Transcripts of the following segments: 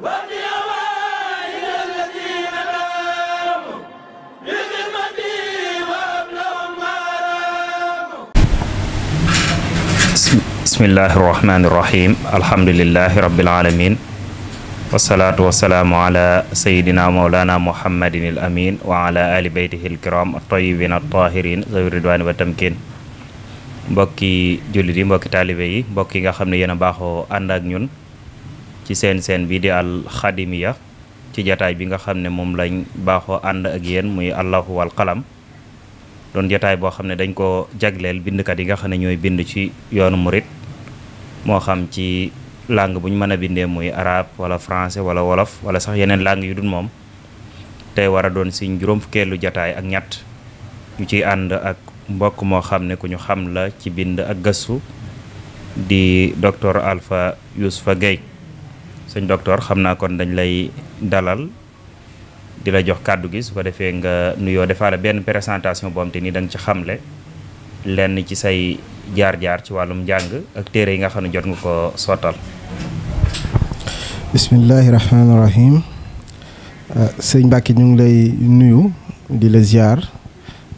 bismillahi irrahmani irrahim alhamdulilahi rabilalamin wasalaatu wasalaamu ala sayidina maulana muhammadin al amin wa ala ali beytihi al kiram atayibin atahirin zawi ridwani wa tamkin mbokki jullit yi mbokki taalibe yi mbokk yi nga xam ne yéen a baaxoo ànd ak ñun ci sen sen bi di al khadimiya ci jotaay bi nga xamne mom lañ baxo and ak yeen muy allahu wal qalam Don jotaay bo xamne dañ ko bind kat yi nga xamne ñoy bind ci yoonu murid. mo xam ci lang buñ mëna bindé muy arab wala français wala wolof wala sax yenen lang yu dun mom tay wara don doon juroom fukelu jotaay ak ñatt yu ci and ak mbokk mo xamne ku ñu xam la ci bind ak gassu di dr Alpha Yusuf gaye sëñ docteur xam naa kon dañ lay dalal di la jox kàddu gi su ko defee nga nuyoo defaale benn présentation boo am te ni da nga ci xamle lenn ci say jaar-jaar ci wàllum njàng ak téere yi nga xam ne jot nga ko sottal bismillahi rahmaani rahim euh, sëñ Mbacke ñu ngi lay nuyu di la ziar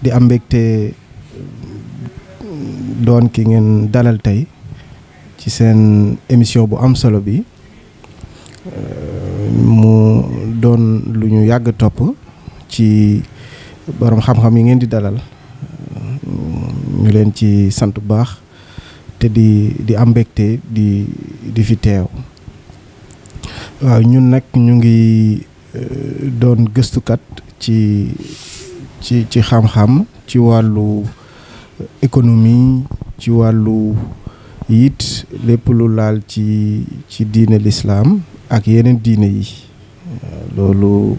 di am mbégte doon ki ngeen dalal tey ci seen émission bu am solo bi mu doon lu ñu yàgg topp ci boroom xam-xam yi ngeen di dalal ñu leen ci sant bu baax te di di am mbégte di di fi teew waaw ñun nag ñu ngi euh, doon gëstukat ci ci ci xam-xam ci wàllu économie ci wàllu yit lépp lu laal ci ci diine lislaam ak yeneen diine yi loolu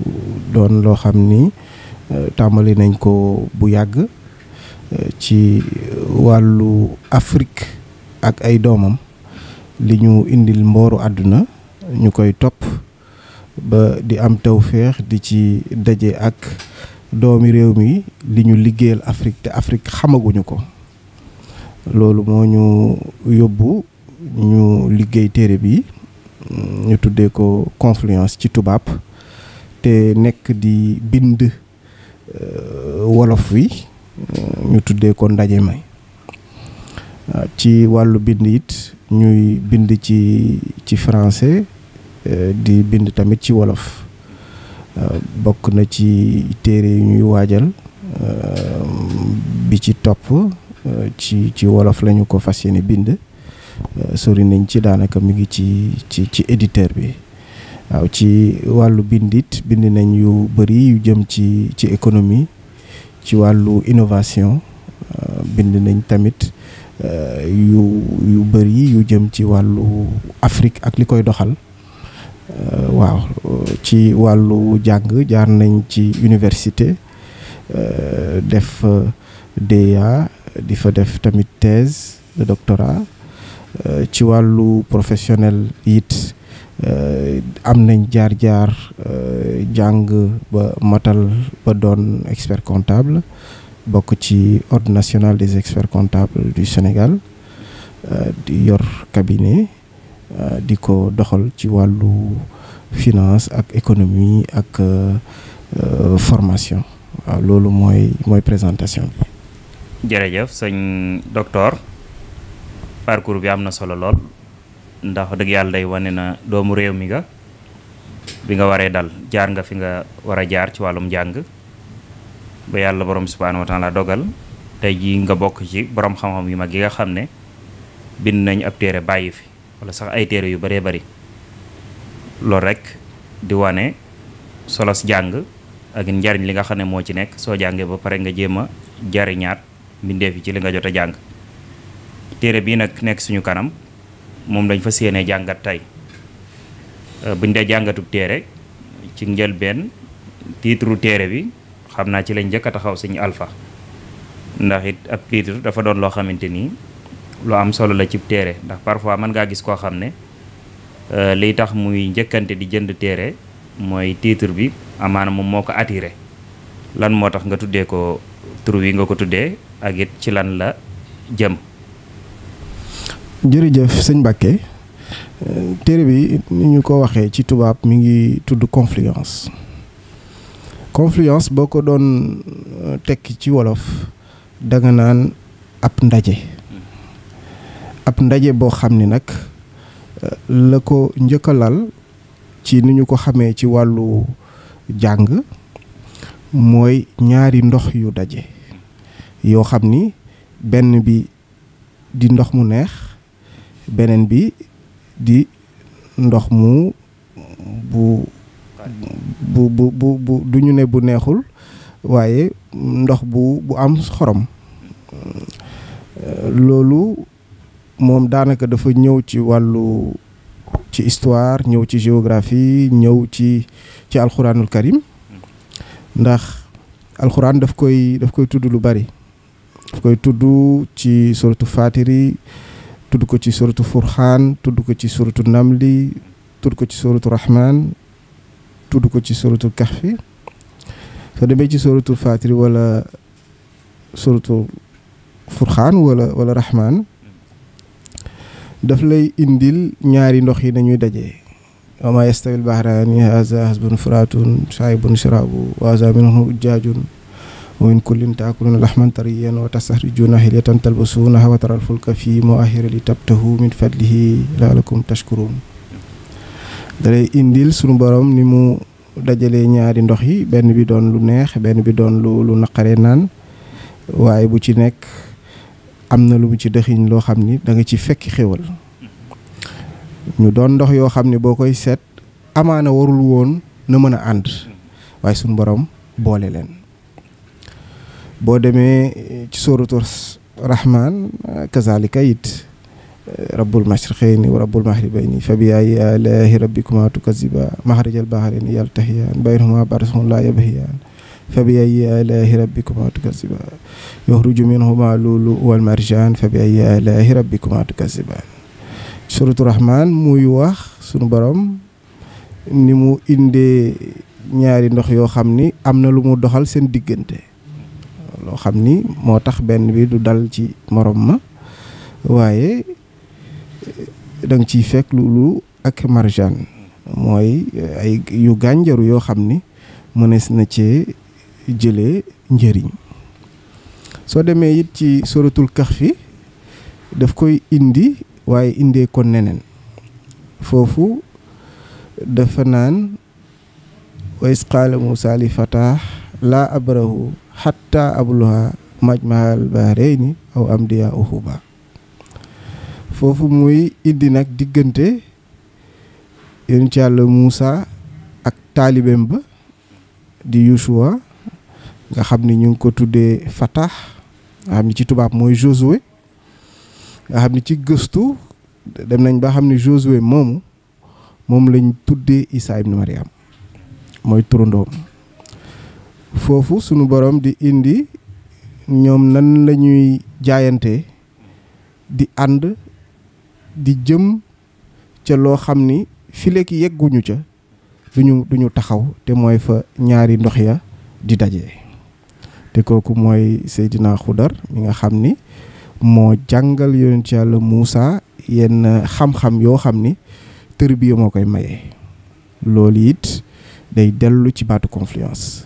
doon loo xam ni euh, tàmbali nañ ko bu yàgg euh, ci wàllu Afrique ak ay doomam li ñu indil mbooru àdduna ñu koy topp ba di am tawféex di ci daje ak doomi réew mi li ñu liggéeyal Afrique te Afrique xamaguñu ko loolu moo ñu yóbbu ñu liggéey téere bi ñu tuddee ko confluence ci tubaab te nekk di bind euh, wolof wi ñu tuddee ko ndaje may euh, ci wàllu bind it ñuy bind ci ci français euh, di bind tamit ci wolof bokk na ci téere yu ñuy waajal bi ci topp ci ci wolof lañu ko fas yéene bind Euh, sori nañ ci daanaka mu ngi ci ci ci éditeur bi waaw ci wàllu bindit bind nañ yu bëri yu jëm ci ci économie ci wàllu innovation euh, bind nañ tamit euh, yu yu bëri yu jëm ci wàllu Afrique ak li koy doxal waaw ci wàllu jàng jaar nañ ci université def DEA di fa def tamit thèse de doctorat Euh, ci walu professionnel it euh, am nañ jaar-jaar euh, jàng ba matal ba doon expert comptable bokk ci ordre national des experts comptables du Sénégal di yor cabinet di ko doxal ci walu finance ak économie ak formation waaw loolu mooy mooy présentation bi. jërëjëf sëñ docteur. parcours bi amna na solo lol ndax deug yalla day wone na doomu rew mi ga bi nga waré dal jaar nga fi nga wara jaar ci walum jang ba yalla borom subhanahu wa taala dogal tay ji nga bok ci borom xam-xam yu mag yi nga xamne ne nañ ab téré bayyi fi wala sax ay téré yu bari bari lo rek di wane solos jang ak ñariñ li nga xamne ne ci nek so jangé ba paré nga jema a jariñaat mbindeef ci li nga jotta jang tere bi nak nek suñu kanam mom lañ séné jangat tay euh buñ dé jàngatub téere ci ben titre téere bi xamna ci lañ njëkk taxaw suñu alpha ndax it ak titre dafa doon lo xamanteni lo am solo la ci tere ndax parfois man nga gis ko xamné euh li tax muy jëkante di jënd moy titre bi amana mom moko attirer lan motax nga tuddé ko tru wi nga ko tuddé ak it ci lan la jëm jërëjëf jef, Mbacké téré bi ñu ko waxé ci tubaab mi ngi tuddu confluence confluence boko don euh, tek ci wolof nga naan ap ndaje ap ndaje bo xamni nak nag euh, la ko ñëkkalal ci ni ñu ko xamé ci walu jang moy ñaari ndox yu daje yo xamni ni benn bi di ndox mu neex beneen bi di ndox mu bu bu bu bu bu du ñu ne bu neexul waaye ndox bu bu am xorom euh, loolu moom daanaka dafa ñëw ci wàllu ci histoire ñëw ci géographie ñëw ci ci alxuraanul karim ndax alxuraan daf koy daf koy tudd lu bari daf koy tudd ci suratu faatiri tudd ko ci suratu furxaan tudd ko ci suratu namli tudd ko ci suratu rahman tudd ko ci suratu kahfi soo demee ci suratu fatiri wala suratu furxaan wala wala rahman daf lay indil ñaari ndox yi nañuy daje wama yastawi al bahraani hasbun furatun shaybun sharabu wa haza minhu ujjaajun ومن كل تأكلون لحما طريا وتستخرجون حلية تلبسونها وترى الفلك فيه مؤهرا لتبتغوا من فضله لعلكم تشكرون dalay indil sunu borom ni mu dajalee ñaari ndox yi benn bi doon lu neex benn bi doon lu naqaree naan waaye bu ci nekk am na lu mu ci dëxiñ loo xam ni danga nga ci fekk xéwal ñu doon ndox yoo xam ne boo koy seet amaana warul woon na mën a ànd waaye sunu borom boole leen boo demee ci sóoratu rahman kazalika it rabbul mashriqayni wa rabbul mahribayni fa bi ay alaahi rabbikuma tukaziba maxrajal bahrayni yaltahiyaan baynahuma barzaxun laa yabhiyaan fa bi ay alaahi rabbikuma tukaziba yuxruju minhuma luulu wal marjaan fa bi ay alaahi rabbikuma tukazibaan sóoratu rahman muy wax sunu borom ni mu indee ñaari ndox yoo xam ni lu mu doxal seen diggante loo xam ni moo tax benn bi du dal ci moroom ma waaye danga ciy fekk lu lu ak marjaan mooy ay yu gànjaru yoo xam ni mënees na cee jële njëriñ soo demee it ci suratul kahfi daf koy indi waaye indee ko neneen foofu dafa naan wa isqaala Muusaa li fataax laa abrahu xatta abluha majmahal bahrayni aw amdiya uhuba foofu muy indi nag diggante yéen ci yàlla Moussa ak taalibeem ba di yusuwa nga xam ni ñu ngi ko tuddee Fatah nga xam ni ci tubaab mooy Josué nga xam ni ci gëstu dem nañ ba xam ni Josué moomu moom lañ tuddee Isa ibn Mariam mooy turandoom foofu sunu borom di indi ñoom nan lañuy jaayante di ànd di jëm ca loo xam ni fileek yegguñu ca duñu taxaw te mooy fa ñaari ndox ya di daje te kooku mooy Seydina Xudar mi nga xam ni moo jàngal yonent yàlla Muusa yenn xam-xam yoo xam ni tër bi moo koy maye loolu it day dellu ci baatu confluence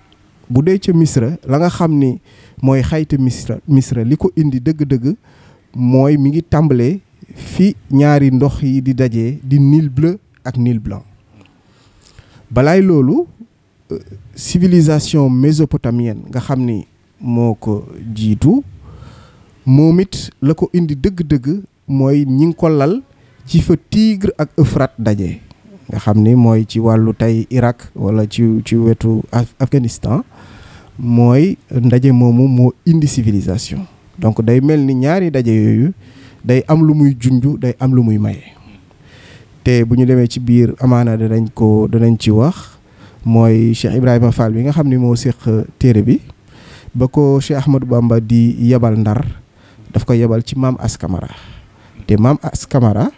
bu dee ca misra la nga xam ni mooy xayta misra misra li ko indi dëgg-dëgg mooy mi ngi tàmbalee fi ñaari ndox yi di dajee di Nil bleu ak Nil blanc balaay loolu euh, civilisation mésopotamienne nga xam ni moo ko jiitu moom it la ko indi dëgg-dëgg mooy ñi ngi ko lal ci fa Tigre ak Euphrate daje nga xam ni mooy ci wàllu tey Irak wala ci ci wetu Afghanistan mooy ndaje moomu moo indi civilisation donc day mel ni ñaari ndaje yooyu day am lu muy junj day am lu muy may te bu ñu demee ci biir amaana danañ ko danañ ci wax mooy Cheikh Ibrahima Fall bi nga xam ni moo séq téere bi ba ko Cheikh Ahmadou Bamba di yebal ndar daf ko yebal ci maam Askamara te maam Askamara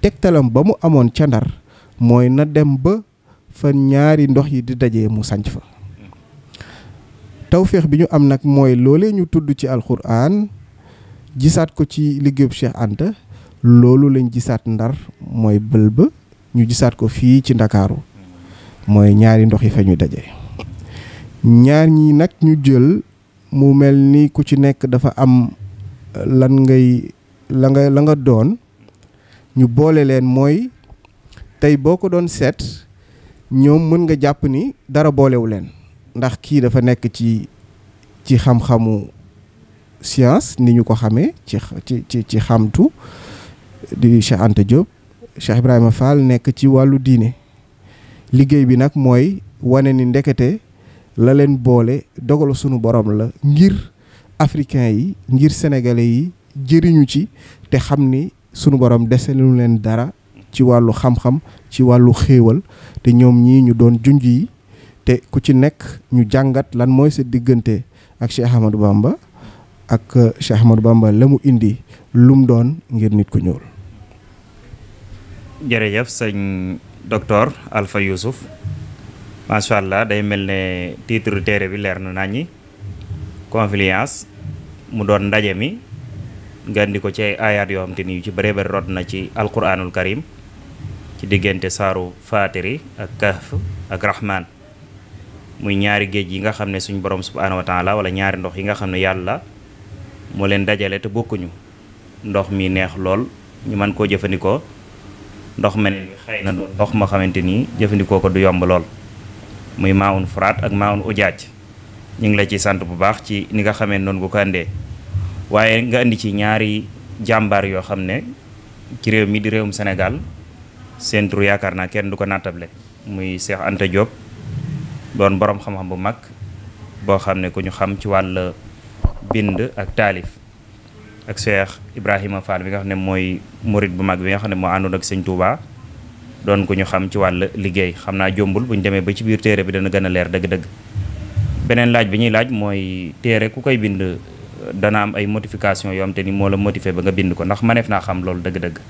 tegtalam ba mu amoon ca ndar mooy na dem ba fan ñaari ndox yi di daje mu sanc fa tawféex bi ñu am nag mooy loolee ñu tudd ci alxuraan jisaat ko ci liggéeyub Cheikh Anta loolu lañ gisaat ndar mooy bël ba ñu jisaat ko fii ci ndakaaru mooy ñaari ndox yi fa ñu daje ñaar ñi nag ñu jël mu mel ni ku ci nekk dafa am lan ngay la nga la nga doon ñu boole leen mooy tey boo ko doon seet ñoom mën nga jàpp ni dara boolewu leen ndax kii dafa nekk ci ci xam-xamu science ni ñu ko xamee ci ci ci ci xamtu di Cheikh ante Diop Cheikh Ibrahima Fall nekk ci wàllu diine liggéey bi nag mooy wane ni ndekete la leen boole dogalu sunu borom la ngir africain yi ngir sénégalais yi jëriñu ci te xam ni sunu borom deselu leen dara ci walu xam-xam ci walu xewal te ñom ñi ñu doon te ku ci nek ñu jangat lan moy sa diggante ak Cheikh Ahmadou Bamba ak euh, Cheikh Ahmadou Bamba lamu indi lum doon ngir nit ku ñool jërëjëf señ docteur Alpha ma sha allah day melne titre téré bi leer na naññi confluence mu doon ndaje mi gandiko ci ayat yo ci bare bare rod na ci alquranul karim ci diggante saaru faatiri ak kahf ak rahman muy ñaari géej yi nga xam ne suñ borom subhaanahu wa taala wala ñaari ndox yi nga xam ne yàlla moo leen dajale te bokkuñu ndox mi neex lool ñu mën koo ndox ma ne ndox ma xamante ni jëfandikoo ko du yomb lool muy maawun furaat ak maawun ujaaj ñu ngi la ci sant bu baax ci ni nga xamee noonu bu ko andee waaye nga indi ci ñaari ci réew mi di réewum Sénégal seen tur yaakaar naa kenn du ko nattable muy Cheikh Anta Diop doon boroom xam-xam bu mag boo xam ne ku ñu xam ci wàll bind ak taalif ak Cheikh Ibrahima Fall bi nga xam ne mooy murit bu mag bi nga xam ne moo àndoon ak sëñ Touba doon ku ñu xam ci wàll liggéey xam naa jombul bu ñu demee ba ci biir téere bi dana gën a leer dëgg-dëgg. beneen laaj bi ñuy laaj mooy téere ku koy bind dana am ay modification yoo xam te ni moo la motivé ba nga bind ko ndax maneef naa xam loolu dëgg-dëgg.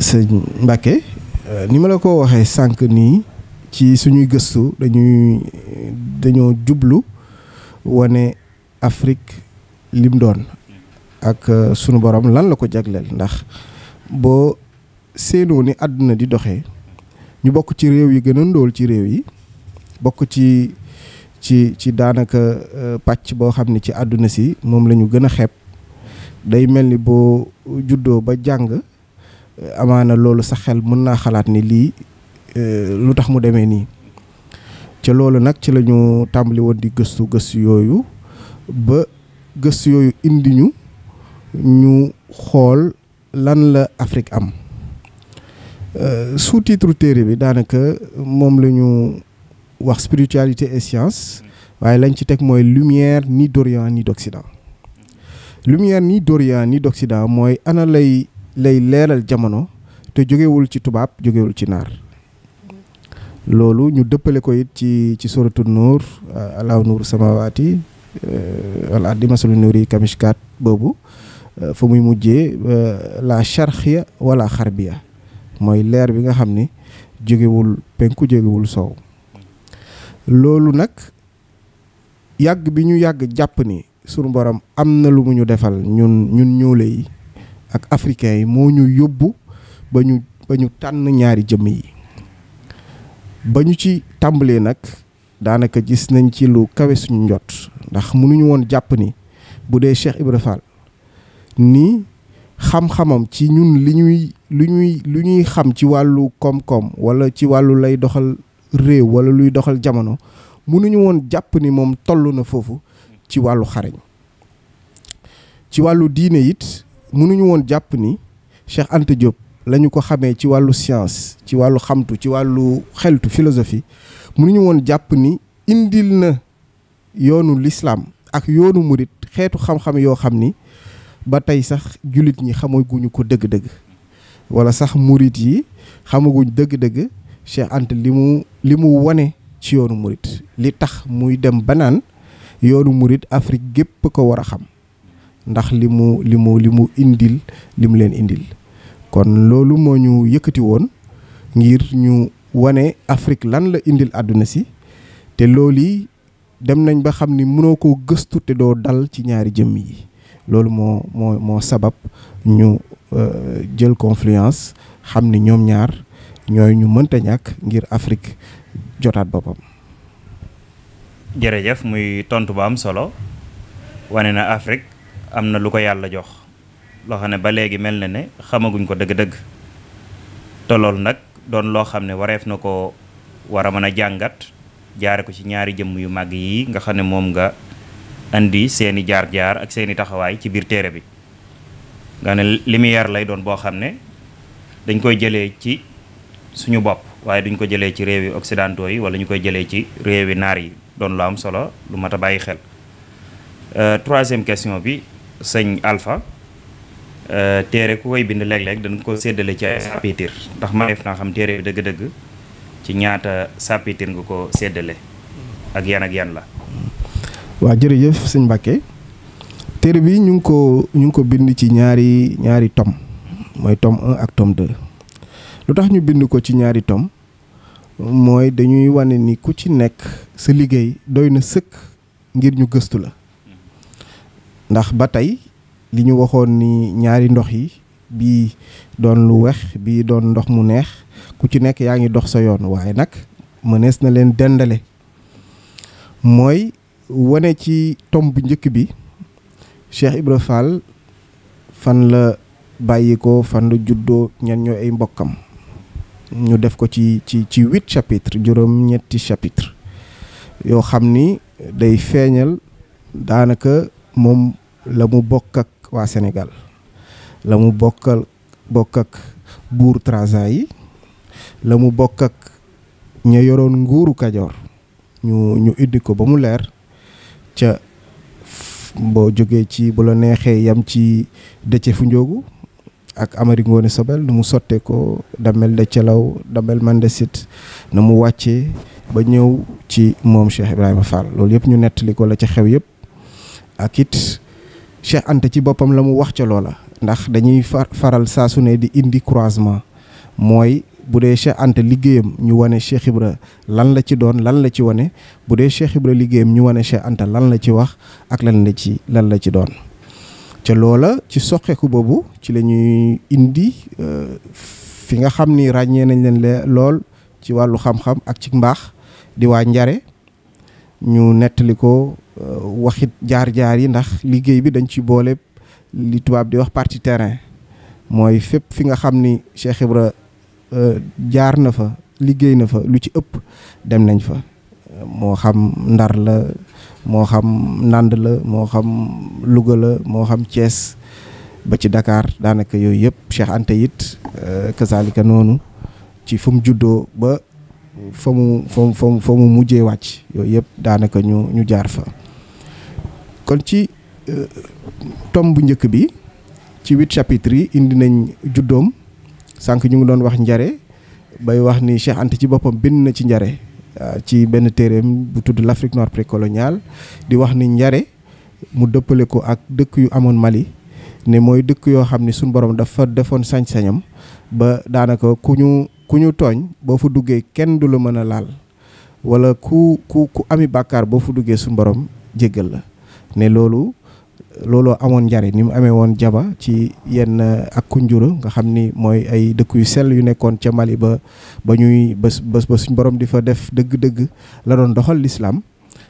sëñ Mbacke ni ma la ko waxee sànq nii ci suñuy gëstu dañuy dañoo jublu wane Afrique lim doon ak euh, sunu borom lan la ko jagleel ndax boo seenoo ni àdduna di doxee ñu bokk ci réew yi gën a ndóol ci réew yi bokk ci ci ci daanaka euh, pàcc boo xam ne ci àdduna si moom lañu ñu gën a xeeb day mel ni boo juddoo ba jàng. amaana loolu sa xel mën naa xalaat ni lii euh, lu tax mu demee nii ca loolu nag ci lañu ñu tàmbali woon di gëstu gëstu yooyu ba gëstu yooyu indi ñu ñu xool lan la Afrique am euh, sous-titre téere bi daanaka moom la ñu wax spiritualité et science waaye lañ ci teg mooy lumière ni d'Orient ni d'Occident lumière ni d'Orient ni d'Occident mooy ana lay lay leeral jamono te jógewul ci tubaab jógewul ci naar loolu ñu dëppale ko it ci ci suratul nuur euh, alaaw nuur samawaati euh, wala addi masalu nuur kamishkaat boobu euh, fa muy mujjee la charxia wala xarbiya mooy leer bi nga xam ni jógewul penku jógewul soow loolu nag yàgg bi ñu yàgg jàpp ni sunu borom am na lu mu ñu defal ñun ñun ñuule yi ak africain yi moo ñu yóbbu ba ñu ba ñu tànn ñaari jëmm yi ba ñu ci tàmbalee nag daanaka gis nañ ci lu kawe suñu njot ndax mënuñu woon jàpp ni bu dee Cheikh Ibra nii ni xam-xamam ci ñun li ñuy ñuy lu ñuy xam ci wàllu koom-koom wala ci wàllu lay doxal réew wala luy doxal jamono mënuñu woon jàpp ni moom toll na foofu ci wàllu xarañ ci wàllu diine it mënuñu woon jàpp ni Cheikh Anta Diop la ñu ko xamee ci wàllu science ci wàllu xamtu ci wàllu xeltu philosophie mënuñu woon jàpp ni indil na yoonu lislaam ak yoonu murit xeetu xam-xam yoo xam ni ba tey sax jullit ñi xamaguñu ko dëgg-dëgg wala sax murit yi xamaguñ dëgg-dëgg Cheikh Anta li mu li mu wane ci yoonu murit li tax muy dem banaan yoonu murit Afrique gépp ko war a xam ndax limu limu limu indil li leen indil kon loolu moo ñu yëkkati woon ngir ñu wane Afrique lan la indil àdduna si te loolu dem nañ ba xam ni mënoo koo gëstu te doo dal ci ñaari jëmm yi loolu moo moo moo sabab ñu euh, jël confluence xam ni ñoom ñaar ñooy ñu mënta ñàkk ngir Afrique jotaat boppam. jërëjëf muy tontu bu am solo wane na Afrique am na lu ko yàlla jox loo xam ne ba léegi mel na ne xamaguñ ko dëgg-dëgg te loolu nag doon loo xam ne wareef na ko war a mën a jàngat jaare ko ci ñaari jëmm yu màgg yi nga xam ne moom nga indi seeni jaar-jaar ak seeni taxawaay ci biir téere bi nga ne lumière lay doon boo xam ne dañ koy jële ci suñu bopp waaye duñ ko jëlee ci réewi occidentaux yi wala ñu koy jëlee ci réewi naar yi doon lu am solo lu mat a bàyyi xel euh, troisième question bi sëñ Alpha euh, téere ku koy bind léeg-léeg dañ ko séddale ci ay chapitre ndax ma def naa xam téere bi dëgg-dëgg ci ñaata chapitre nga ko séddale ak yan ak yan la. waa jërëjëf sëñ Mbacke téere bi ñu ko ñu ngi ko bind ci ñaari ñaari tom mooy tom 1 ak tom 2 lu tax ñu bind ko ci ñaari tom mooy dañuy wane ni ku ci nekk sa liggéey doy na sëkk ngir ñu gëstu la. ndax ba tey li ñu waxoon ni ñaari ndox yi don doon lu wex bi doon ndox mu neex ku ci nekk yaa ngi dox sa yoon waaye nag mënees na leen dendale mooy ci tomb bi Cheikh Ibra Fall fan la bàyyikoo fan la juddoo ñan ñoo ay mbokkam ñu def ko ci ci ci huit chapitre juróom ñetti chapitre yoo xam ni day feeñal daanaka moom la mu bokk ak waa senegal la mu bokkal bokk ak buur Trarza yi la mu bokk ak ña yoroon nguuru Kajoor ñu ñu indi ko ba mu leer ca boo jógee ci bu la neexee yam ci dëcce fu njóogu ak Amari Ngoone Sobel nu mu sottee ko damel de celaw damel mandesit na mu wàccee ba ñëw ci moom Cheikh Ibrahima Fall loolu yëpp ñu nettali ko la ca xew yëpp ak it Cheikh Anta ci boppam la mu wax ca loola ndax dañuy faral saasu ne di indi croisement mooy bu dee Cheikh Anta liggéeyam ñu wane Cheikh lan la ci doon lan la ci wane bu dee Cheikh Ibra liggéeyam ñu wane Cheikh Anta lan la ci wax ak lan la ci lan la ci doon ca loola ci soqeeku boobu ci lañuy ñuy indi euh, fi nga xam ni ràññee nañ leen lool ci wàllu xam-xam ak ci mbaax di waa njare ñu nettali ko Euh, waxit jaar-jaar yi ndax liggéey bi dañ ci boole li tubaab di wax partie terrain mooy fépp fi nga xam ni Cheikh Ibra euh, jaar na fa liggéey na fa lu ci ëpp dem nañ fa moo xam Ndar la moo xam Ndand la moo xam Louga la moo xam cees ba ci dakaar daanaka yooyu yëpp Cheikh Anta it euh, kasaalika noonu ci fu mu juddoo ba fa mu fa mu fa mu mujjee wàcc yooyu yëpp daanaka ñu ñu jaar fa kon ci euh, tome bu njëkk bi ci huit chapitres yi indi nañ juddoom sànq ñu ngi doon wax njare bay wax ni Cheikh ci boppam bind na ci njare euh, ci benn téeréem bu tudd l'Afrique noire précoloniale di wax ni njare mu dëppale ko ak dëkk yu amoon Mali ne mooy dëkk yoo xam ne suñu borom dafa defoon sañ-sañam ba daanaka ku ñu ku ñu tooñ boo fa duggee kenn du la mën a laal wala ku ku ku ami bàkkaar boo fa duggee suñu borom jéggal la ne loolu looloo amoon njariñ ni mu amee woon jaba ci yenn uh, ak kunjura nga xam ni mooy ay dëkk yu sel yu nekkoon ca Mali ba ba ñuy ba ba suñ borom di fa def dëgg-dëgg la doon doxal lislaam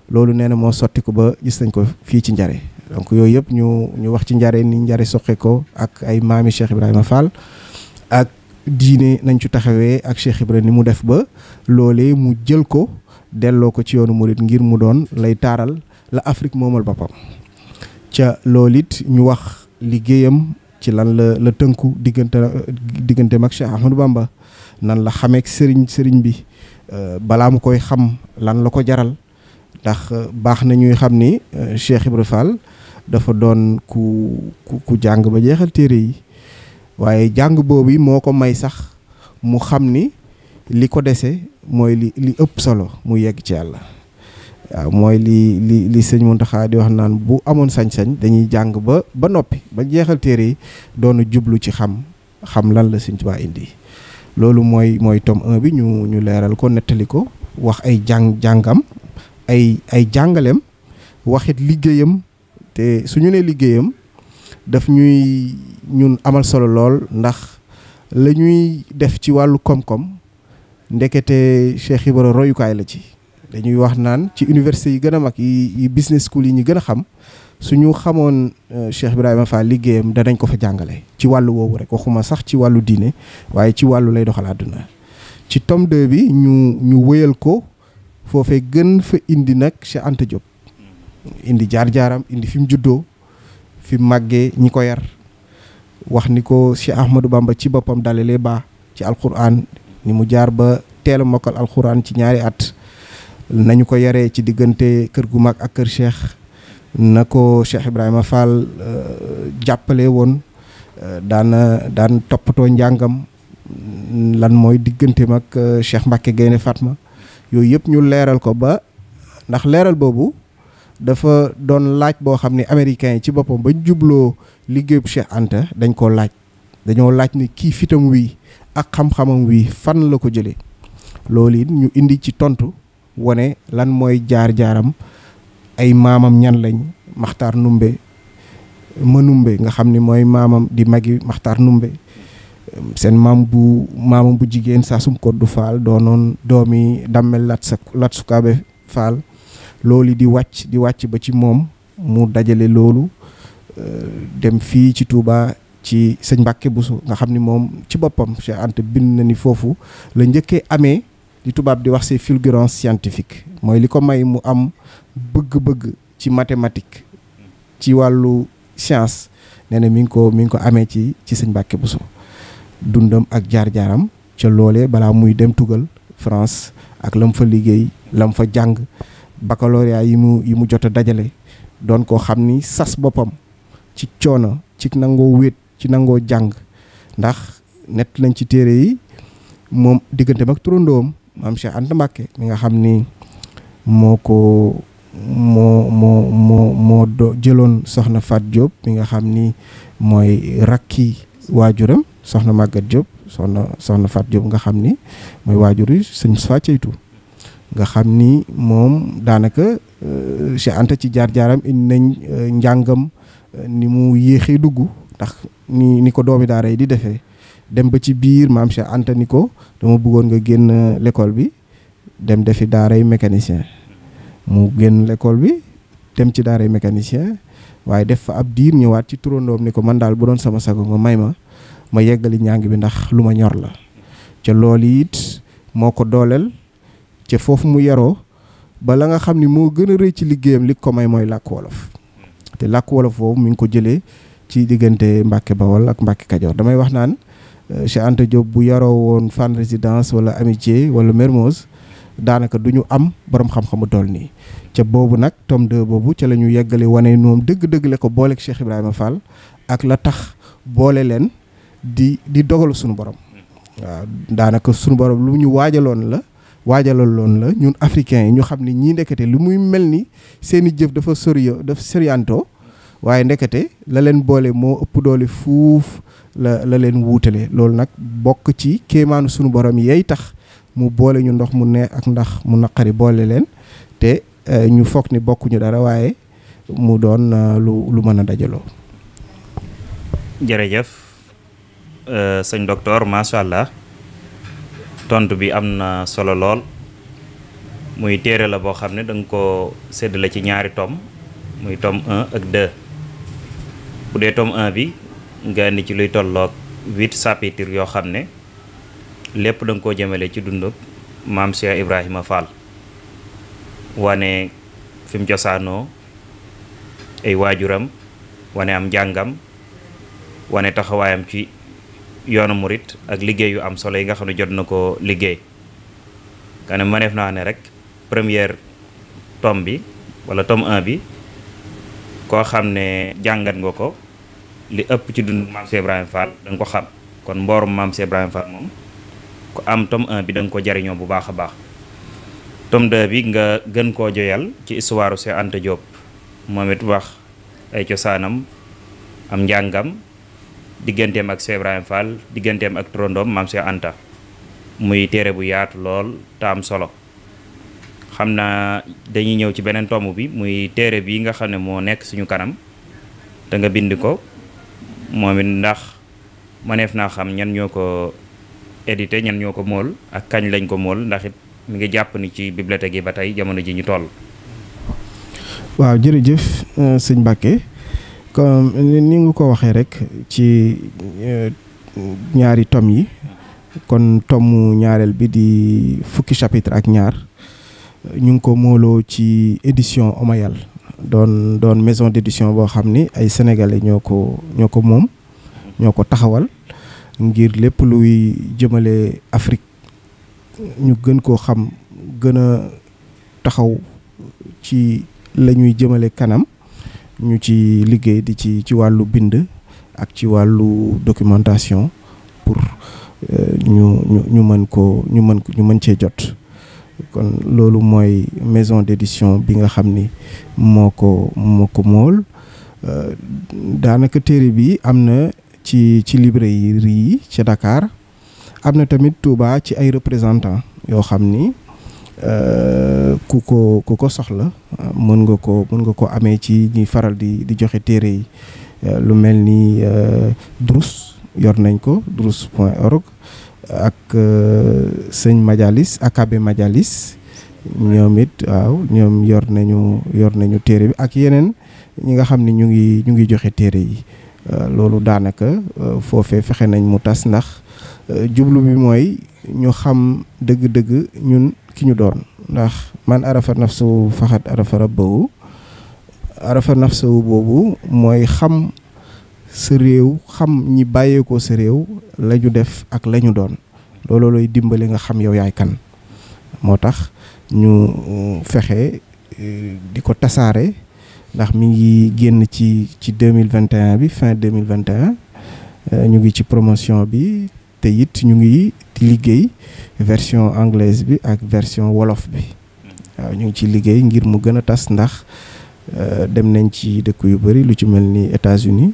loolu nee na moo sotti ko ba gis nañ ko fii ci njare donc yooyu yëpp ñu ñu wax ci njare ni njari soqe ko ak ay maami Cheikh Ibrahima Fall ak diine nañ ci taxawee ak Cheikh Ibrahima ni mu def ba loolee mu jël ko delloo ko ci yoonu murit ngir mu doon lay taaral la Afrique moomal boppam ca lolit it ñu wax liggéeyam ci lan la la tënku diggante diggante mag Cheikh Ahmadou Bamba nan la xameek sëriñ sëriñ bi euh, balaa mu koy xam lan la ko jaral ndax euh, baax na ñuy xam ni euh, Cheikh Fall dafa doon ku ku jàng ba jeexal téere yi waaye jàng boobu moo may sax mu xam ni li ko dese li li ëpp solo mu yegg ci waaw mooy li li li sëñ Mountakha di wax naan bu amoon sañ-sañ dañuy jàng ba ba noppi ba jeexal téere yi doonu jublu ci xam xam lan la sëñ Tuubaa indi loolu mooy mooy tome 1 bi ñu ñu leeral ko nettali ko wax ay jàng jàngam ay ay jàngaleem waxit liggéeyam te su ñu nee liggéeyam daf ñuy ñun amal solo lool ndax la ñuy def ci wàllu koom-koom ndekete Cheikh Ibra royukaay la ci. dañuy wax naan ci université yi gën a mag yi business school yi ñu gën a xam suñu xamoon euh, Cheikh Ibrahima Fall liggéeyam danañ ko fa jàngale ci wàllu woowu rek waxuma sax ci wàllu diine waaye ci wàllu lay doxal àdduna ci tom 2 bi ñu ñu wéyal ko foofee gën fa indi nag Cheikh Anta indi jaar-jaaram indi fi mu juddoo fi mu màggee ñi ko yar wax ni ko Cheikh Ahmadou Bamba ci boppam dalalee baa ci alquran ni mu jaar ba teel a mokkal alquran ci ñaari at nañu ko yaree ci diggante kër gu mag ak kër cheikh na ko Cheikh Ibrahima Fall euh, jàppale woon euh, daana daan toppatoo njàngam lan mooy digganteem ak euh, Cheikh Mbacke Gaynde Fatma yooyu yëpp ñu leeral ko ba ndax leeral boobu dafa doon laaj boo xam ne américain ci boppam ba jubloo liggéeyub Cheikh Anta dañ koo laaj dañoo laaj ni kii fitam wii ak xam-xamam wii fan la ko jëlee loolu it ñu indi ci tontu. wane lan mooy jaar-jaaram ay maamam ñan lañ maxtar Numbe Manumbe nga xam ni mooy maamam di magi maxtar Numbe seen maam bu maamam bu jigéen Saasum Koddu Faal doonoon doomi Dammel Latsa Latsukaabe Faal loolu di wàcc di wàcc ba ci moom mu dajale loolu euh, dem fii ci Touba ci sëñ Mbàkke Buso nga xam ni moom ci boppam Cheikh Anta bind na ni foofu la njëkkee amee li tubaab di wax c'est fulgurance scientifique mooy li ko may mu am bëgg-bëgg ci mathématique ci wàllu science nee na mi ngi ko mi ngi ko amee ci ci sëñ Mbàkke Bousso dundam ak jaar-jaaram ca loole balaa muy dem tugal France ak lam fa liggéey lam fa jàng baccalauréat yi mu yi mu jot dajale doon koo xam ni sas boppam ci coono ci nangoo wéet ci nangoo jàng ndax nett lañ ci téere yi moom diggante ak turandoom maam Cheikh Anta Mbacke mi nga xam ni moo ko moo moo moo moo do jëloon soxna Fat Diop mi nga xam ni mooy rakki waajuram soxna Maguette Diop soxna soxna Fat Diop nga xam ni mooy waajur sëñ Moustapha nga xam ni moom daanaka euh, Cheikh Anta ci jaar-jaaram indi nañ euh, njàngam euh, ni mu yéexee dugg ndax ni ni ko doomi daara yi di defee dem ba ci biir maam Cheikh Anta ni ko dama bëggoon nga génn l'école bi dem defi daaray mécanicien mu génn l'école bi dem ci daaray mécanicien waaye def fa ab diir ñëwaat ci turandoom ni ko man daal bu doon sama sago nga may ma ma yeggali ñàng bi ndax lu ma ñor la ca loolu it moo ko dooleel ca foofu mu yaroo ba la nga xam ni moo gën a rëy ci liggéeyam li ko may mooy làkk wolof te làkk wolof boobu mi ngi ko jëlee ci diggante Mbàkke Bawol ak Mbàkke Kajoor damay wax naan Euh, Cheikh Anta Diop bu yaroo woon Fann Résidence wala Amitié wala Mermoz daanaka du ñu am borom xam-xamu tool nii ca boobu nag tome 2 boobu ca la ñu yeggale wane moom dëgg-dëgg la ko booleeg Cheikh Ibrahima Fall ak la tax boole leen di di dogalu suñu borom. waaw daanaka suñu borom lu ñu waajaloon la waajaloon loon la ñun africains yi ñu xam ne ñii ndekete lu muy mel ni seeni jëf dafa soriyo dafa sorianto waaye ndekete la leen boole moo ëpp doole fuuf. la leen wuutale loolu nag bokk ci kéemaanu sunu borom yeey tax mu boole ñu ndox mu ne ak ndax mu naqari boole leen te eh, ñu foog ni bokkuñu dara waaye mu doon eh, lu lu mën a dajaloo. jërëjëf eh, sëñ docteur macha allah tontu bi am na solo lool muy téere la boo xam ne da nga ko séddale ci ñaari toom muy tom 1 ak 2 bu dee tom en bi. nga ni ci luy tolloog 8 chapitre yo xamne ne dang ko nga ci dundub mam Cheikh Ibrahima Fall wane fim jossano ay wajuram wane am jangam wane taxawayam ci yoonu murit ak yu am solo yi nga xamne jot nako liggéey ma def naa ne rek première tome bi wala tome 1 bi ko xamne ne ngoko li ëpp ci dund maam Cheikh Ibrahima Fall da nga ko xam kon mboorum maam Cheikh Ibrahima Fall moom ku am tom 1 bi da ko jariñoo bu baax a baax tom 2 bi nga gën koo joyal ci histoire Cheikh Anta Diop moom it wax ay cosaanam am njàngam digganteem ak Cheikh Ibrahima Fall digganteem ak turandoom maam Cheikh Anta muy téere bu yaatu lool te am solo xam naa dañuy ñëw ci beneen tomb bi muy téere bi nga xam ne moo nekk suñu kanam te nga bind ko moom it ndax mëneef naa xam ñan ñoo ko édité ñan ñoo ko mool ak kañ lañ ko mool ndax it mi ngi jàpp ni ci bibliothèque gi ba tey jamono ji ñu toll. waaw jërëjëf euh, sëñ Mbacke ni nga ko waxee rek ci euh, ñaari tom yi kon mu ñaareel bi di fukki chapitre ak ñaar ñu ngi ko mooloo ci édition Omayal. doon doon maison d'édition boo xam ni ay sénégalais ñoo ko ñoo ko moom ñoo ko taxawal ngir lépp luy jëmale Afrique ñu gën koo xam gën a taxaw ci la ñuy jëmale kanam ñu ci liggéey di ci ci wàllu bind ak ci wàllu documentation pour euh, ñu ñu ñu mën ko ñu mën ñu mën cee jot kon loolu mooy maison d'édition bi nga xam ni moo ko moo ko mool euh, daanaka téere bi am na ci ci librairie yi ci Dakar am na tamit Touba ci ay représentants yoo xam ni euh, ku ko ku ko soxla mën nga ko mën nga ko amee ci ñuy faral di di joxe téere yi euh, lu mel ni Drus yor nañ ko drus point org ak euh, sëñ Madialis Akabe Madialis ñoom it waaw ñoom yor nañu yor nañu téere bi ak yeneen ñi nga xam ni ñu ngi ñu ngi joxe téere yi euh, loolu daanaka euh, foofe fexe nañ mu tas ndax jublu bi mooy ñu xam dëgg-dëgg ñun ki ñu doon ndax man arafa nafsu faxat arafa rabbahu arafa nafsu boobu mooy xam sa réew xam ñi bàyyeekoo sa réew la ñu def ak lañu doon looloo lay dimbali nga xam yow yaay kan moo tax ñu euh, fexe euh, di ko tasaare ndax mi ngi génn ci ci deux mille vingt et bi fin deux mille vingt et euh, ñu ngi ci promotion bi te it ñu ngi liggéey version anglaise bi ak version wolof bi waaw ñu ngi ci liggéey ngir mu gën a tas ndax dem nañ ci dëkk yu bari lu ci mel ni États-Unis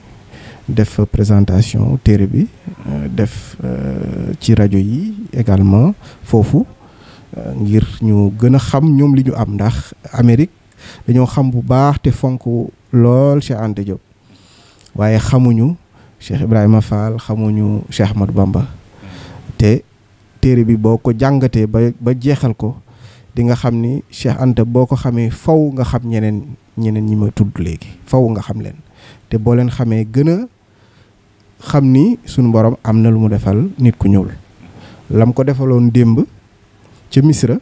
def présentation téere bi euh, def euh, ci rajo yi également foofu euh, ngir ñu gën a xam ñoom li ñu am ndax Amérique dañoo xam bu baax te fonk lool Cheikh Anta Diop waaye xamuñu Cheikh Ibrahima Fall xamuñu Cheikh Ahmadou Bamba te téere bi boo ko jàngatee ba ba jeexal ko di nga xam ni Cheikh Anta boo ko xamee faw nga xam ñeneen ñeneen ñi ma tudd léegi faw nga xam leen te boo leen xamee gën xam ni sunu borom am na lu mu defal nit ku ñuul lam ko defaloon démb ca misra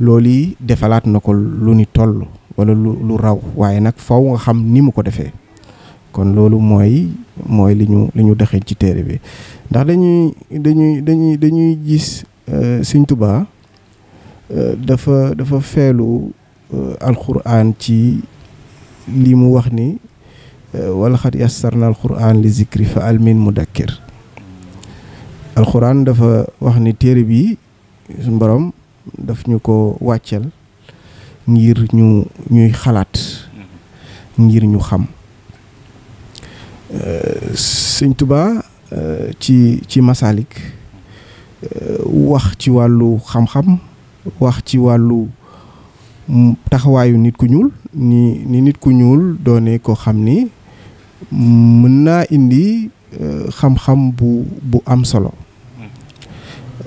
loolu yi defalaat na ko lu ni toll wala lu raw waaye nag faw nga xam ni mu ko defee kon loolu mooy mooy li ñu li ci téere bi ndax dañuy dañuy dañuy dañuy gis euh, Sëñ Tuubaa euh, dafa dafa feelu euh, alxuraan ci lii mu wax ni wala xat yassarna alquran li zikri fa almin mudakkir alquran dafa wax ni téere bi suñu borom daf ñu ko wàcceel ngir ñuy xalaat ngir ñu xam suñ Tuba ci ci Masalik wax ci wàllu xam-xam wax ci wàllu taxawaayu nit ku ñuul ni nit ku ñuul doone ko xam ni mën naa indi euh, xam-xam bu bu am solo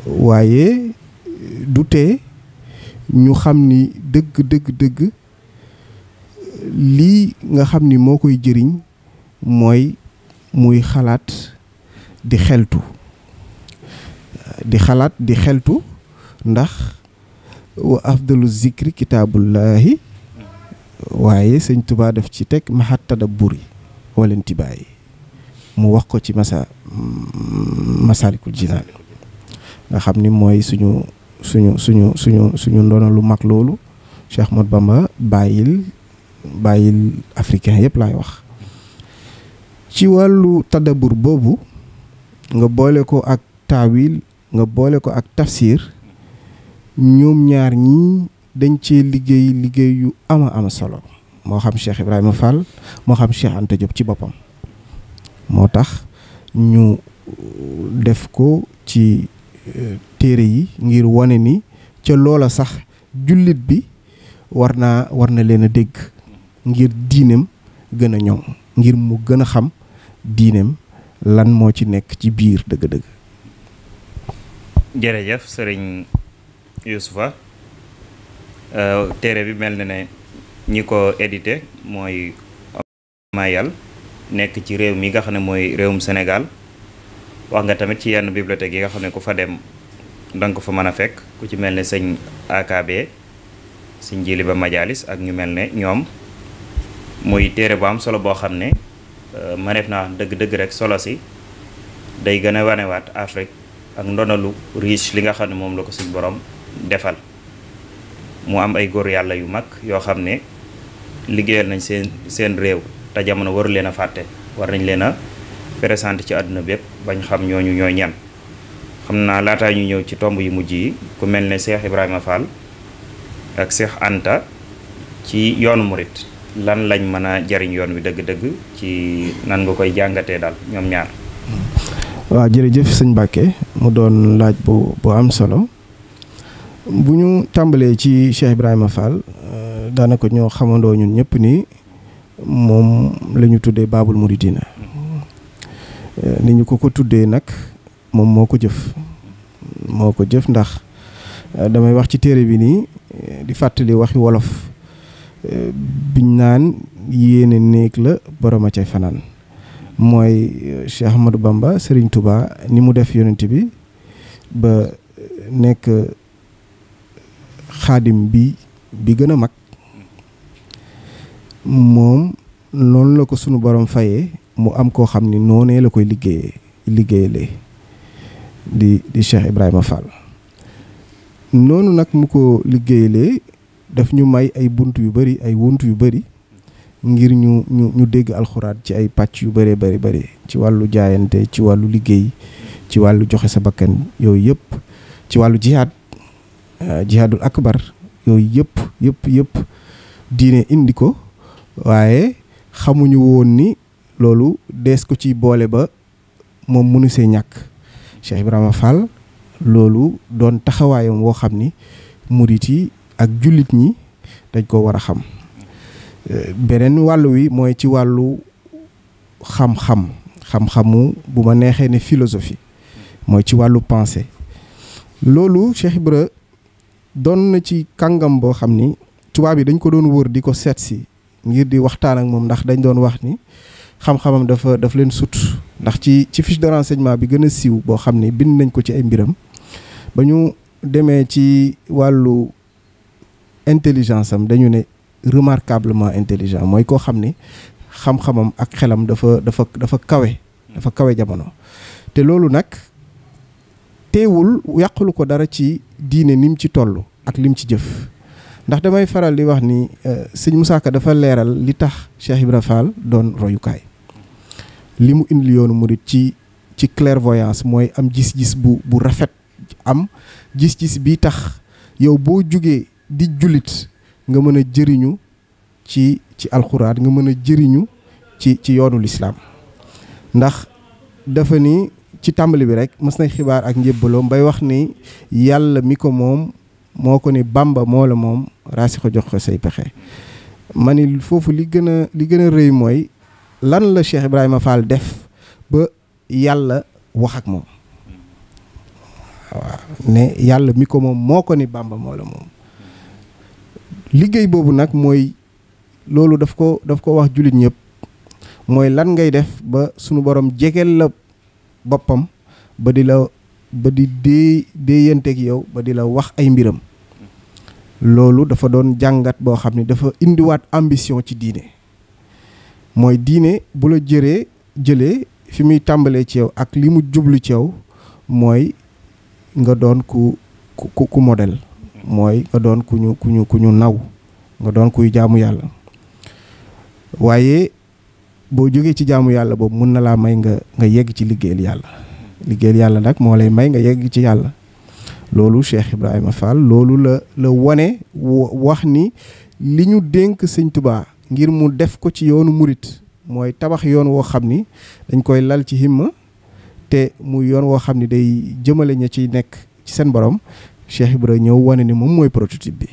waaye du tee ñu xam ni dëgg dëgg dëgg lii nga xam ni moo koy jëriñ mooy muy xalaat di xeltu di xalaat di xeltu ndax wa afdalu zikri kitaabullaahi waaye sëñ tubaa def ci teg maxat tadabburi moo di bàyyi mu wax ko ci masa Masaalikul Jinaan nga xam ni mooy suñu suñu suñu suñu suñu ndono lu mag loolu Cheikh Ahmadou Bamba bàyyil bàyyil africain yëpp laay wax ci wàllu tadabur boobu nga boole ko ak taawil nga boole ko ak tafsir ñoom ñaar ñii dañ cee liggéey liggéey yu ama ama solo moo xam Cheikh Ibrahima Fall moo xam Cheikh Anta ci boppam moo tax ñu def ko ci euh, téere yi ngir wane ni ca loola sax jullit bi war naa war na leen a dégg ngir diineem gën a ñoŋ ngir mu gën a xam diineem lan moo ci nekk ci biir dëgg-dëgg. jërëjëf sëriñ Youssoufa euh, téere bi mel na ne. ñi edite édité mooy mayal nekk ci réew mi nga xam ne mooy réewum Sénégal wax nga tamit ci yenn bibliothèque yi nga akabe ne ku fa dem ko fa fekk ku ci AKB Jili Ba Majalis ak ñu mel ne ñoom muy bu am solo boo xam ne euh, maneef naa dëgg rek solo si day gën a wat Afrique ak ndonalu riche li nga xam ne la ko suñ borom defal mu am ay góor yàlla yu mag ne liggéeyal nañ seen seen réew te jamono waru leen a fàtte war nañ leen a présenté ci àdduna bépp bañ xam ñooñu ñooy ñan xam naa laataa ñu ñëw ci tomb yu mujj yi ku mel ni Cheikh Ibrahima Fall ak seex Anta ci yoonu murit lan lañ mën a jariñ yoon wi dëgg-dëgg ci nan nga koy jàngatee daal ñoom ñaar waaw jërëjëf sëñ Mbàkke mu doon laaj bu am solo bu ñu tàmbalee ci Cheikh Ibrahima Fall daanaka ñoo xamandoo ñun ñëpp ni moom la ñu tuddee baabul muridina eh, ni ñu ko ko tuddee nag moom moo ko jëf moo ko jëf ndax eh, damay wax ci téere bi ni eh, di fàttali waxi wolof biñ naan yéene néeg la borom a cay fanaan mooy Cheikh Ahmadou Bamba Serigne Touba ni mu def yonent bi ba nekk xaadim bi bi gën a Mum non la ko sunu borom fayé mu am ko xamni ni la koy liggéeyee liggéeyalee di di Cheikh Ibrahima Fall nonu nak mu ko liggéeyalee daf ñu may ay buntu yu bari ay wuntu yu bari ngir ñu ñu ñu dégg alcorane ci ay patch yu bari bari bari ci walu jaayante ci walu liggéey ci walu joxe sa bakkan yoy ci walu jihad euh, jihadul akbar yoy yep yep yep diine indi ko waaye xamuñu woon ni loolu dees ko ci boole ba moom mënu see ñàkk Cheikh Ibrahima Fall loolu doon taxawaayam woo xam ni murit yi ak jullit ñi dañ koo war a xam beneen wàllu wi mooy ci wàllu xam-xam xam-xamu bu ma neexee ne philosophie mooy ci wàllu pensée loolu Cheikh Ibra doon na ci kàngam boo xam ni tubaab yi dañ ko doon wër di ko seet si ngir di waxtaan ak moom ndax dañ doon wax ni xam-xamam dafa daf leen sut ndax ci ci fiche de renseignement bi gën a siiw boo xam ni bind nañ ko ci ay mbiram ba ñu demee ci wàllu intelligence am dañu ne remarquablement intelligent mooy koo xam ni xam-xamam ak xelam dafa dafa dafa kawe dafa kawe jamono te loolu nag teewul yàqulu ko dara ci diine nim ci toll ak lim ci jëf ndax damay faral di wax ni euh, sëñ Moussa dafa leeral li tax Cheikh Ibra Fall doon royukaay li mu indi yoonu murit ci ci clairvoyance mooy am gis-gis bu bu rafet am gis bi tax yow boo jógee di jullit nga mën a jëriñu ci ci alxuraan nga mën a jëriñu ci ci yoonu lislaam ndax dafa ni ci tàmbali bi rek mës nañ xibaar ak njëbbaloom bay wax ni yàlla mi ko moom moo ko ni bàmba moo la moom raasi ko jox ko say pexe ma foofu li gën a li gën a rëy mooy lan la Cheikh Ibrahima Fall def ba yàlla wax ak moom waaw ne yàlla mi ko moom moo ko ni Bàmba moo la moom liggéey boobu nag mooy loolu daf ko daf ko wax jullit ñëpp mooy lan ngay def ba sunu boroom jegeel la boppam ba di la ba di dee deeyanteeg yow ba di la wax ay mbiram loolu dafa doon jàngat boo xam ne dafa indiwaat ambition ci diine mooy diine bu la jëree jëlee fi muy tàmbalee ci yow ak li mu jublu ci yow mooy nga doon ku ku ku modèle mooy nga doon ku ñu naw nga doon kuy jaamu yàlla waaye boo jógee ci jaamu yàlla boobu mun na laa may nga nga yegg ci liggéeyal yàlla liggéeyal yàlla nag moo lay may nga yegg ci yàlla loolu Cheikh Ibrahima Fall loolu la la wane wax ni li ñu dénk sëñ Tuubaa ngir mu def ko ci yoonu murit mooy tabax yoon woo xam ni dañ koy lal ci himma te mu yoon woo xam ni day jëmale ña ciy nekk ci seen borom Cheikh Ibrahima ñëw wane ni moom mooy prototype bi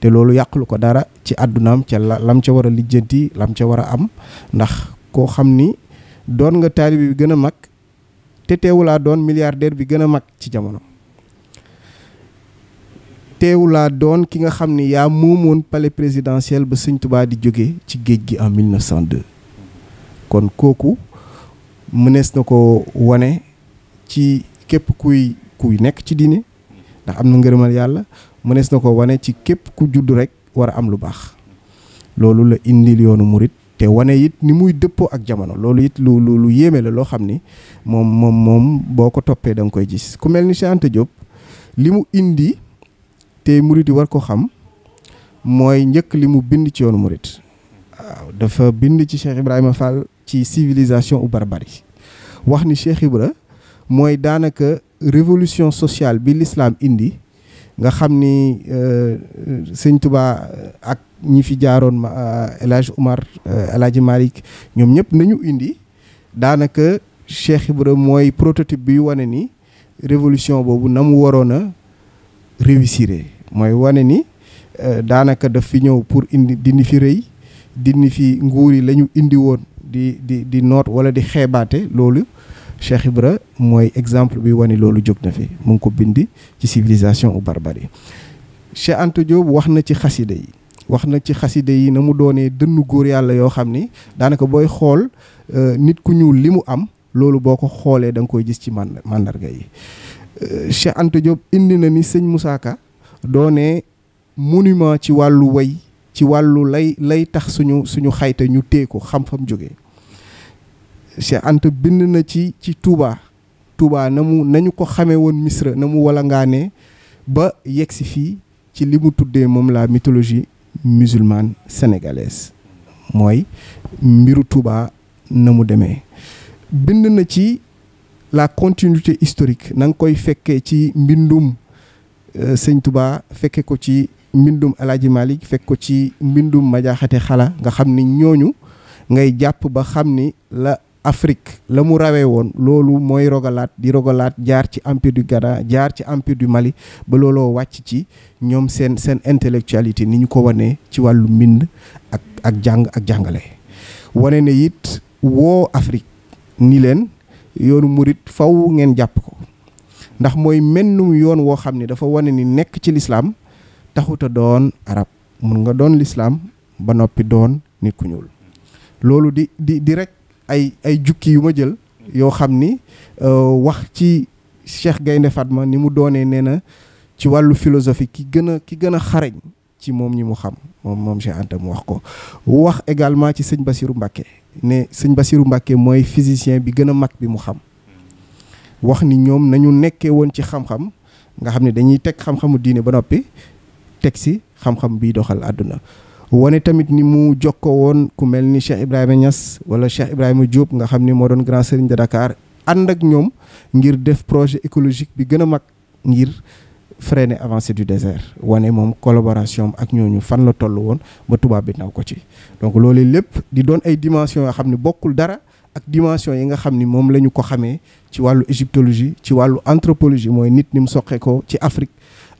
te loolu yàqulu ko dara ci àddunaam ca lam ca war a lijjanti lam ca war a am ndax koo xam ni doon nga taalibe bi gën a mag te teewu teewulaa doon milliardaire bi gën a mag ci jamono teewu laa doon ki nga xam ni yaa moomoon pale présidentiel ba sëñ Touba di jóge ci géej gi en 1902 kon kooku mënees na ko wane ci képp kuy kuy nekk ci diine ndax am na ngërëmal yàlla mënees na ko wane ci képp ku judd rek war a am lu baax loolu la indil yoonu murit te wane it ni muy dëppoo ak jamono loolu it lu lu lu yéeme la loo xam ni moom moom moom boo ko toppee da koy gis ku mel ni Cheikh Anta Diop li mu indi. te murit yi war ko xam mooy njëkk li mu bind ci yoonu murit waaw dafa bind ci Cheikh Ibrahima Fall ci civilisation ou barbarie wax ni Cheikh Ibra mooy daanaka révolution sociale bi l'islam indi nga xam ni euh, sëñ Touba ak ñi fi jaaroon euh, El Hadj Umar euh, El Hadj ñoom ñëpp nañu indi daanaka Cheikh Ibra mooy prototype bi wane ni révolution boobu na mu waroon a réussir mooy wane ni euh, daanaka daf fi ñëw pour indi dindi fi rëy dindi fi nguur yi la ñu indi woon di di di noot wala di xeebaate loolu Cheikh Ibra mooy exemple bi wane loolu jóg na fi mu ngi ko bindi ci civilisation ou barbarie Cheikh Anta Diop wax na ci xasida yi wax na ci xasida yi na mu doonee dënn góor yàlla yoo xam ni daanaka booy xool euh, nit ku ñuul li mu am loolu boo ko xoolee danga koy gis ci màndarga yi euh, Cheikh Anta Diop indi na ni sëñ Moussa Ka doone monument ci wàllu way ci wàllu lay lay tax suñu suñu xayta ñu téye ko xam fam jógee Cheikh Anta bind na ci ci Touba Touba na mu nañu ko xamee woon Misra na mu wala ngaa ba yegg si fii ci li mu tuddee moom la mythologie musulmane sénégalaise mooy mbiru Touba na mu demee bind na ci la continuité historique na nga koy fekkee ci mbindum Euh, sëñ Touba fekke ko ci mbindum Alaaji mali fekk ko ci mbindum Majaaxate Xala nga xam ni ñooñu ngay jàpp ba xam ni la Afrique la mu rawee woon loolu mooy rogalaat di rogalaat jaar ci empire du Ghana jaar ci empire du Mali ba looloo wàcc ci ñoom seen seen intellectualité ni ñu ko wanee ci wàllu mbind ak ak jàng ak jàngale wane na it woo Afrique ni leen yoonu murit faw ngeen jàpp ko ndax mooy mennum yoon woo xam ne dafa wane ni nekk ci lislaam taxuta doon arab mun nga doon lislaam ba noppi doon nit ku ñuul loolu di di di ay ay jukki yu ma jël yoo xam ni euh, wax ci Cheikh Gaynde ma ni mu doonee nee na ci wàllu philosophie ki gën a ki gën a xarañ ci moom ñi mu xam moom moom Cheikh Anta mu wax ko wax également ci sëñ Bassirou Mbacké ne sëñ Bassirou Mbacké mooy physicien bi gën a mag bi mu xam wax ni ñoom nañu nekkee woon ci xam-xam nga xam ne dañuy teg xam-xamu diine ba noppi teg si xam-xam biy doxal àdduna wane tamit ni mu jokkoo woon ku mel ni Cheikh Ibrahima ñas wala Cheikh Ibrahima Diop nga xam ni moo doon grand serigne de Dakar ànd ak ñoom ngir def projet écologique bi gën a mag ngir freiner avancée du désert wane moom collaboration ak ñooñu fan la toll woon ba tubaab bi naw ko ci donc loolu lépp di doon ay dimension yoo xam ni bokkul dara ak dimension yi nga xam ni moom lañu ko xamee ci wàllu égyptologie ci wàllu entropologie mooy nit ñi mu soxee ko ci Afrique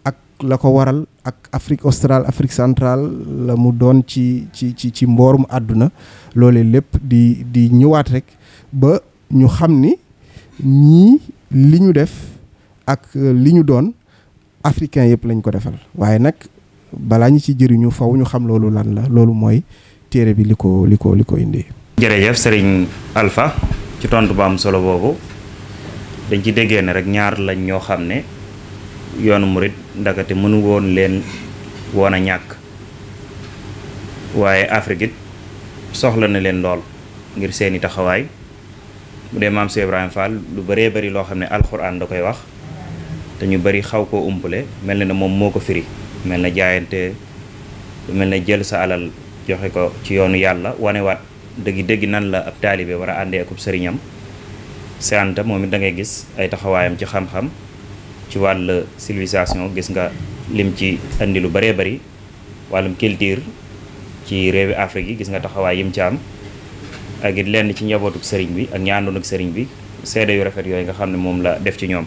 ak la ko waral ak Afrique australe Afrique centrale la mu doon ci ci ci ci mboorum àdduna loolee lépp di di ñëwaat rek ba ñu xam ni ñii li ñu def ak li ñu doon africain yëpp lañ ko defal waaye nag balaa ñu ci jëriñu faw ñu xam loolu lan la loolu mooy téere bi li ko li ko li ko indi jërëjëf sering Alpha ci tontu bu am solo bobu dañ ci déggee ne rek ñaar lañ ño xamné ne yoonu murit ndakate mënu won leen wona ñak ñàkk waaye Afrique it soxla na leen lool ngir seeni taxaway bu dé mam cheikh ibrahim Fall lu béré lo xamné ne da koy wax té ñu bëri xaw ko umpale melni na mom moko firi mel jaayante jël sa alal joxé ko ci yoonu wané wat dëgg-dëgg nan la ab taalibe war a àndee akub sëriñam seanta moom it da ngay gis ay taxawaayam ci xam-xam ci wàll civilisation gis nga lim ci indi lu bëree bari wàllum culture ci réewi Afrique yi gis nga taxawaay yim ci am ak it lenn ci njabootuk sëriñ bi ak ñaandoon ak sëriñ bi seede yu rafet yooyu nga xam ne moom la def ci ñoom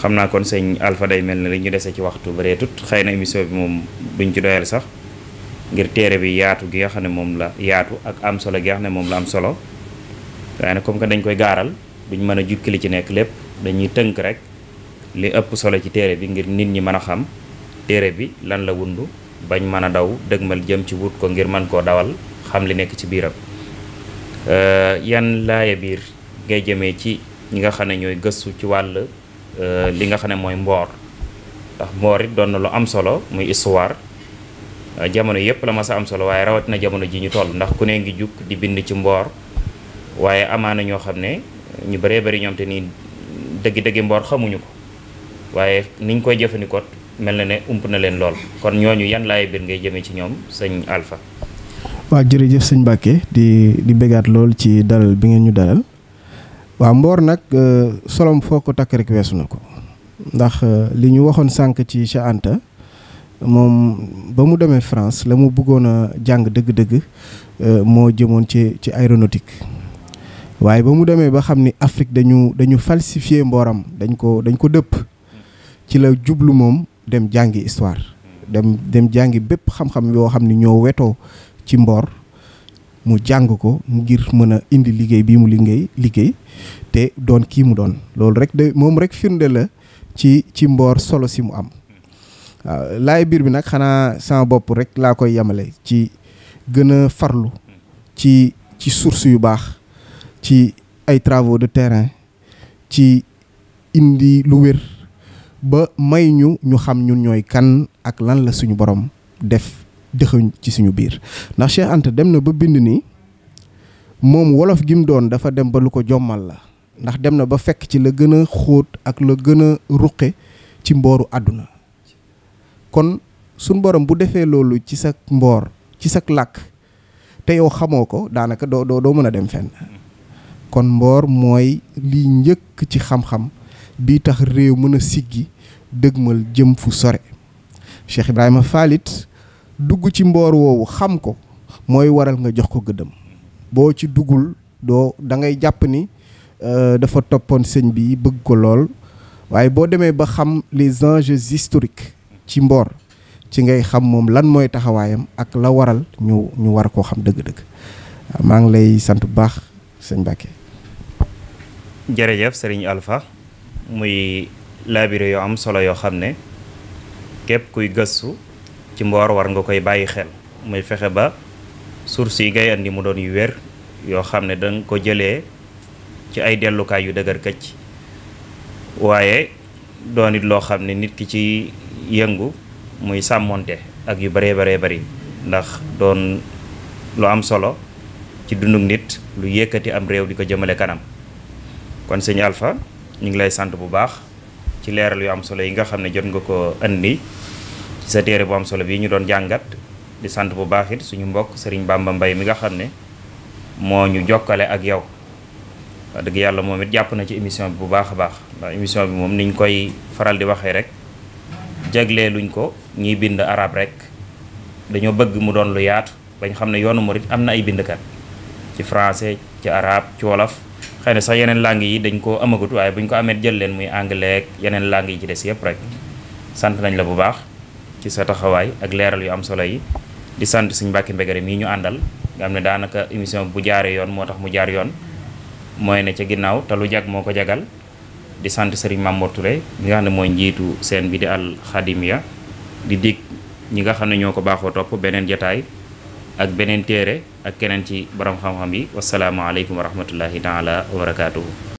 xam naa kon sëñ Alpha day mel ne li ñu dese ci waxtu bareetut xëy na émission bi moom buñ ci doyal sax ngir téere bi yaatu gi nga xam ne moom la yaatu ak am solo gi nga xam ne moom la am solo waaye nag comme que dañ koy gaaral duñ mën a jukki li ci nekk lépp dañuy tënk rek li ëpp solo ci téere bi ngir nit ñi mën a xam téere bi lan la wundu bañ mën a daw dëgmal jëm ci wut ko ngir mën koo dawal xam li nekk ci biiram euh, yan laaya biir ngay jëmee ci ñi nga xam ne ñooy gëstu ci wàll euh, li nga xam ne mooy mboor ndax mboor it doon na lu am solo muy histoire jamono yépp la massa am solo rawat na jamono ji ñu toll ndax ku ne ngi juk di bind ci mbor waaye amana ño xamne ne ñu bëree bëri ñom te nii dëggi-dëggi mboor xamuñu ko waaye niñ koy jëfandikoo mel na ne ump na leen lool kon ñoñu yan lay bir ngay jëme ci ñom señ Alpha. waaw jëf señ Mbacke di di bégaat lool ci dalal bi ngeen ñu dalal wa mbor nak euh, solom foko tak rek wessu nako ndax euh, li ñu waxon sank ci cheanta moom ba mu demee France la mu bëggoon a jàng dëgg-dëgg euh, moo jëmoon ci ci aéronautique waaye ba mu demee ba xam ni Afrique dañu dañu falsifier mbooram dañ ko dañ ko dëpp ci la jublu moom dem jàngi histoire dem dem jàngi bépp xam-xam yoo xam ni ñoo wetoo ci mboor mu jàng ko ngir mën a indi liggéey bii mu liggéey liggéey te doon kii mu doon loolu rek de moom rek firnde la ci ci mboor solo si mu am waaw laay biir bi nag xanaa sama bopp rek laa koy yemale ci gën a farlu ci ci source yu baax ci ay travaux de terrain ci indi lu wér ba may ñu ñu xam ñun ñooy kan ak lan la suñu borom def dëxuñ ci suñu biir ndax Cheikh Anta dem na ba bind nii moom wolof gi mu doon dafa dem ba lu ko jommal la ndax dem na ba fekk ci la gën a xóot ak la gën a ruqe ci mbooru àdduna kon suñ borom bu defee loolu ci sa mboor ci sag làkk te yow xamoo ko daanaka doo doo doo mën a dem fenn kon mboor mooy lii njëkk ci xam-xam bii tax réew mën a siggi dëgmal jëm fu sore Cheikh Ibrahima Falit dugg ci mboor woowu xam ko mooy waral nga jox ko gëddam boo ci duggul doo dangay jàpp ni euh, dafa toppoon sëñ bi bëgg ko lool waaye boo demee ba xam les enjeux historiques ci mbor ci ngay xam mom lan moy taxawayam ak la waral ñu ñu war ko xam deug deug ma ngi lay sant bu baax sëñ Mbacke. jërëjëf sëriñ Alpha muy labire yo am solo yo xamne ne kuy gessu ci mbor war nga koy bayyi xel muy fexé ba source yi ngay andi mu doon yu wer yo xamne ne ko jele ci ay kay yu deugar kecc waye doonit lo xamne nit ki ci yëngu muy samonté ak yu bari bari bari ndax doon lu am solo ci dunduk nit lu yëkkati am rew di jëmele kanam kon sëñ Alpha ñing lay sant bu baax ci yu am solo yi nga xam jot nga ko andi ci sa téré bu am solo bi ñu doon jangat di sant bu baax it suñu mbokk sëriñ Bamba Mbay mi nga xam mo ñu jokkale ak yow deug yalla momit japp na ci émission bu baax baax ndax émission bi mom niñ koy faral di waxee rek jeglee luñ ko ñiy bind arab rek dañoo bëgg mu doon lu yaatu bañ xam ne yoonu murit am na ay bindkat ci français ci arab ci wolof xëy na sax yeneen langue yi dañ ko amagut waaye bu ñu ko amee jël leen muy anglais ak yeneen làng yi ci des yëpp rek sant nañ la bu baax ci sa taxawaay ak leeral yu am solo yi di sant suñ mbàkki mbégare mii ñu àndal nga am ne daanaka émission bu jaaree yoon moo tax mu jaar yoon mooy ne ca ginnaaw te lu jag moo ko jagal di sant Serigne Mamour Touré mi nga xam ne mooy njiitu seen bi di Al Khadimiyyah di dig ñi nga xam ne ñoo ko baaxoo topp beneen jataay ak beneen téere ak keneen ci borom xam-xam yi wasalaamualeykum wa rahmatullahi taala wa